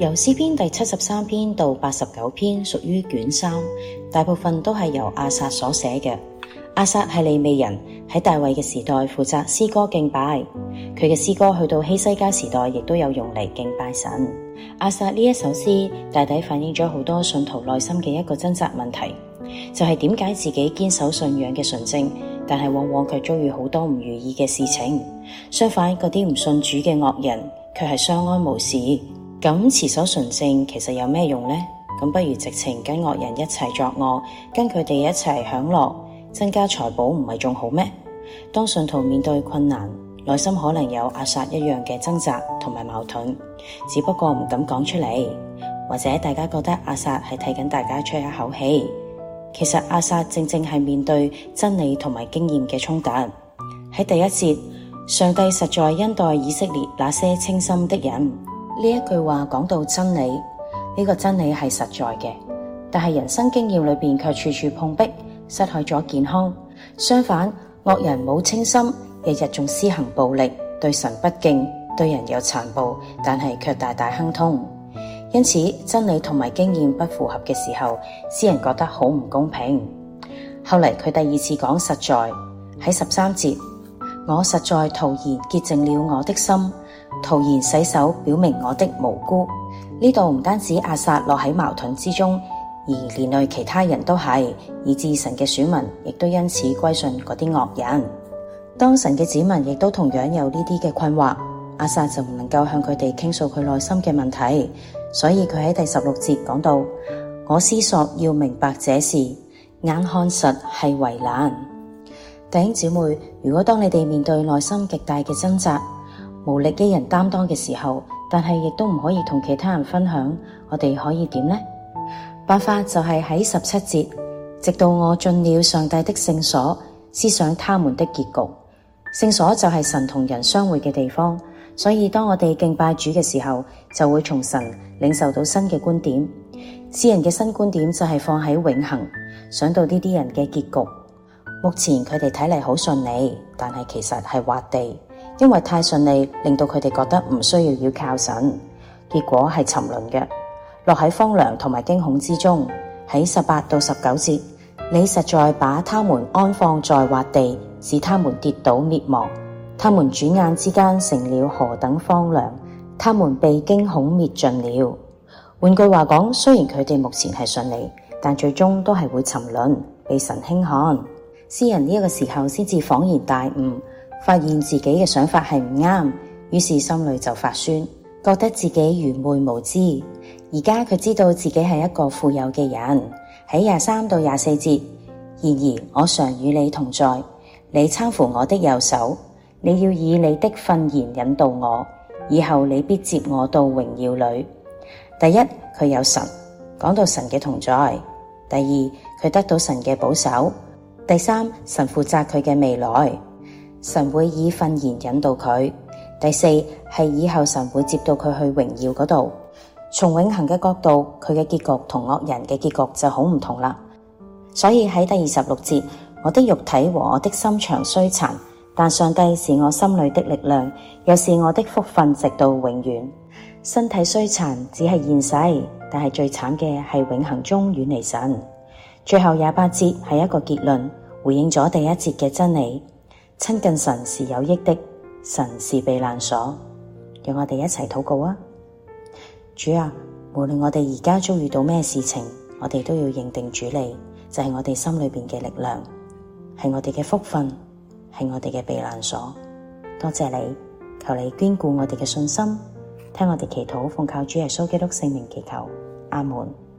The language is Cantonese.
由詩篇第七十三篇到八十九篇，屬於卷三，大部分都係由亞薩所寫嘅。亞薩係利未人，喺大衛嘅時代負責詩歌敬拜。佢嘅詩歌去到希西家時代，亦都有用嚟敬拜神。亞薩呢一首詩，大抵反映咗好多信徒內心嘅一個掙扎問題，就係點解自己堅守信仰嘅純正，但係往往卻遭遇好多唔如意嘅事情。相反，嗰啲唔信主嘅惡人，卻係相安無事。咁持守純正，其實有咩用呢？咁不如直情跟惡人一齊作惡，跟佢哋一齊享樂，增加財寶，唔係仲好咩？當信徒面對困難，內心可能有亞薩一樣嘅掙扎同埋矛盾，只不過唔敢講出嚟，或者大家覺得亞薩係替緊大家出一口氣。其實亞薩正正係面對真理同埋經驗嘅衝突。喺第一節，上帝實在恩待以色列那些清心的人。呢一句話講到真理，呢、這個真理係實在嘅，但係人生經驗裏面卻處處碰壁，失去咗健康。相反，惡人冇清心，日日仲施行暴力，對神不敬，對人有殘暴，但係卻大大亨通。因此，真理同埋經驗不符合嘅時候，詩人覺得好唔公平。後嚟佢第二次講實在，喺十三節，我實在徒然潔淨了我的心。徒然洗手，表明我的無辜。呢度唔單止阿薩落喺矛盾之中，而連累其他人都係，以致神嘅選民亦都因此歸順嗰啲惡人。當神嘅子民亦都同樣有呢啲嘅困惑，阿薩就唔能夠向佢哋傾訴佢內心嘅問題，所以佢喺第十六節講到：我思索要明白這事，眼看實係為難。弟兄姊妹，如果當你哋面對內心極大嘅掙扎，無力嘅人擔當嘅時候，但係亦都唔可以同其他人分享，我哋可以點呢？辦法就係喺十七節，直到我進了上帝的聖所，思想他們的結局。聖所就係神同人相會嘅地方，所以當我哋敬拜主嘅時候，就會從神領受到新嘅觀點。世人嘅新觀點就係放喺永恒，想到呢啲人嘅結局。目前佢哋睇嚟好順利，但係其實係滑地。因為太順利，令到佢哋覺得唔需要要靠神，結果係沉淪嘅，落喺荒涼同埋驚恐之中。喺十八到十九節，你實在把他們安放在滑地，使他們跌倒滅亡。他們轉眼之間成了何等荒涼！他們被驚恐滅盡了。換句話講，雖然佢哋目前係順利，但最終都係會沉淪，被神輕看。詩人呢一個時候先至恍然大悟。發現自己嘅想法係唔啱，於是心裏就發酸，覺得自己愚昧無知。而家佢知道自己係一個富有嘅人。喺廿三到廿四節，然而我常與你同在，你攙扶我的右手，你要以你的訓言引導我，以後你必接我到榮耀裏。第一，佢有神，講到神嘅同在；第二，佢得到神嘅保守；第三，神負責佢嘅未來。神會以訓言引導佢。第四係以後，神會接到佢去榮耀嗰度。從永恒嘅角度，佢嘅結局同惡人嘅結局就好唔同啦。所以喺第二十六節，我的肉體和我的心腸衰殘，但上帝是我心裏的力量，又是我的福分，直到永遠。身體衰殘只係現世，但係最慘嘅係永恒中遠離神。最後廿八節係一個結論，回應咗第一節嘅真理。親近神是有益的，神是避難所，讓我哋一齊禱告啊！主啊，無論我哋而家遭遇到咩事情，我哋都要認定主你，就係、是、我哋心裏面嘅力量，係我哋嘅福分，係我哋嘅避難所。多謝你，求你眷顧我哋嘅信心，聽我哋祈禱，奉靠主耶穌基督聖名祈求，阿門。